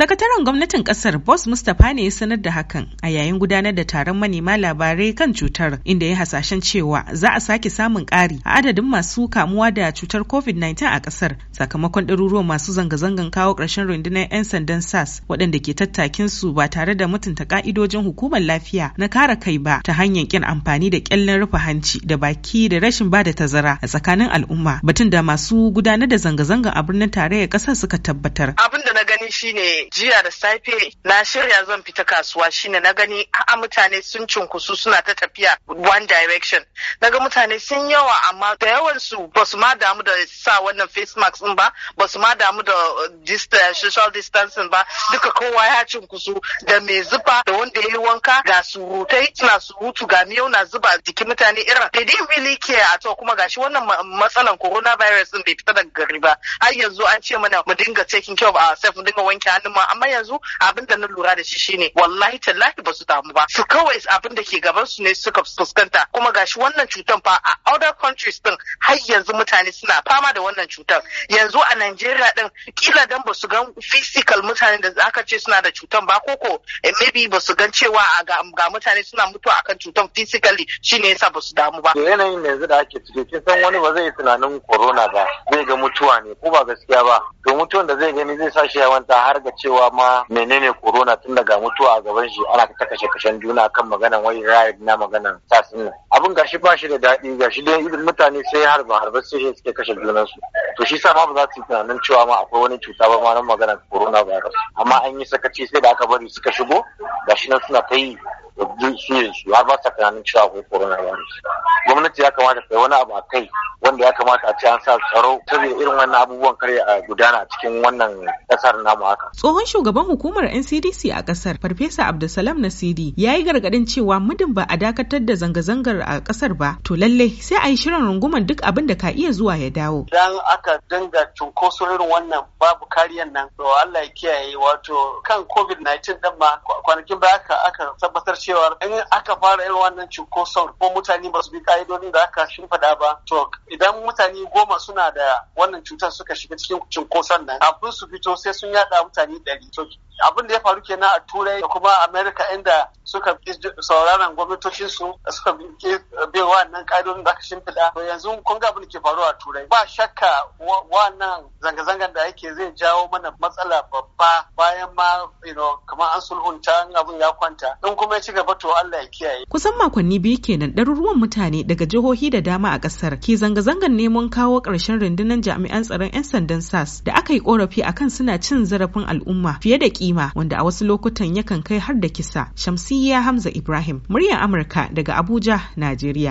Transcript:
Sakataren gwamnatin kasar Boss Mustapha ne ya sanar da hakan a yayin gudanar da taron manema labarai kan cutar inda ya hasashen cewa za a sake samun ƙari a adadin masu kamuwa da cutar COVID-19 a kasar sakamakon ɗaruruwan masu zanga-zangan kawo ƙarshen rundunar 'yan sandan SARS waɗanda ke tattakin su ba tare da mutunta ƙa'idojin hukumar lafiya na kare kai ba ta hanyar ƙin amfani da ƙyallen rufe hanci da baki da rashin ba da tazara a tsakanin al'umma batun da masu gudanar da zanga-zangan a birnin tarayyar ƙasar suka tabbatar. Abin da na gani shine jiya da safe na shirya zan fita kasuwa shine na gani a mutane sun cunkusu suna ta tafiya one direction naga mutane sun yawa amma da yawan su ba su ma damu da sa wannan face mask din ba ba su ma damu da uh, social distancing ba duka kowa ya cunkusu da mai zuba da wanda ya yi wanka ga surutai suna surutu ga miyau na zuba jikin mutane irin they didn't really care at all kuma gashi wannan matsalan coronavirus din bai fita daga gari ba har yanzu an ce mana mu dinga taking care of ourselves mu dinga wanke hannun damuwa amma yanzu abin da na lura da shi shine wallahi tallahi ba su damu ba su kawai abin da ke gaban su ne suka fuskanta kuma gashi wannan cutar fa a other countries din har yanzu mutane suna fama da wannan cutar yanzu a Najeriya din kila dan ba su gan physical mutane da aka ce suna da cutan ba koko eh, maybe ba su gan cewa ga mutane suna mutuwa akan cutar physically shine yasa ba su damu ba to yanayin yanzu da ake ciki kin san wani ba zai tunanin corona ba zai ga mutuwa ne ko ba gaskiya ba to mutuwan da zai gani zai sa shi ya wanta har ga cewa ma menene corona tun daga mutuwa a gaban shi ana ta kashe kashen juna kan maganan wai riot na maganan sas nan abin gashi ba shi da daɗi gashi dai mutane sai harba harba sai suke kashe su to shi sa ma ba za su yi tunanin cewa ma akwai wani cuta ba ma nan maganan corona virus amma an yi sakaci sai da aka bari suka shigo gashi nan suna ta yi su yin su har ba sa tunanin cewa akwai coronavirus gwamnati ya kamata ta yi wani abu a kai wanda ya kamata a ce an sa tsaro saboda irin wannan abubuwan kare a gudana cikin wannan kasar namu haka tsohon shugaban hukumar NCDC a kasar farfesa Abdulsalam Nasiri ya yi gargadin cewa mudin ba a dakatar da zanga-zangar a kasar ba to lalle sai a yi shirin rungumar duk abin da ka iya zuwa ya dawo Idan aka dinga cunkoso irin wannan babu kariyan nan to Allah ya kiyaye wato kan COVID-19 din ma kwanakin baya aka tabbatar cewa cewa in aka fara irin wannan cunkoson ko mutane ba su bi ka'idodin da aka shimfiɗa ba to idan mutane goma suna da wannan cutar suka shiga cikin cunkoson nan abin su fito sai sun yada mutane ɗari to abin da ya faru kenan a turai da kuma amerika inda suka sauraron gwamnatocinsu suka bi wannan ka'idodin da aka shimfiɗa to yanzu kun ga abin da ke faruwa a turai ba shakka wannan zanga-zangar da yake zai jawo mana matsala babba ba bayan ma kamar an sulhunta abin ya kwanta in kuma ya ci gaba to Allah ya kiyaye. Kusan makonni biyu kenan ɗaruruwan mutane daga jihohi da dama a ƙasar ke zanga zangan neman kawo ƙarshen rundunar jami'an tsaron 'yan sandan SAS da aka yi ƙorafi akan suna cin zarafin al'umma fiye da kima wanda a wasu lokutan yakan kai har da kisa. Shamsiyya Hamza Ibrahim, muryar Amurka daga Abuja, Najeriya.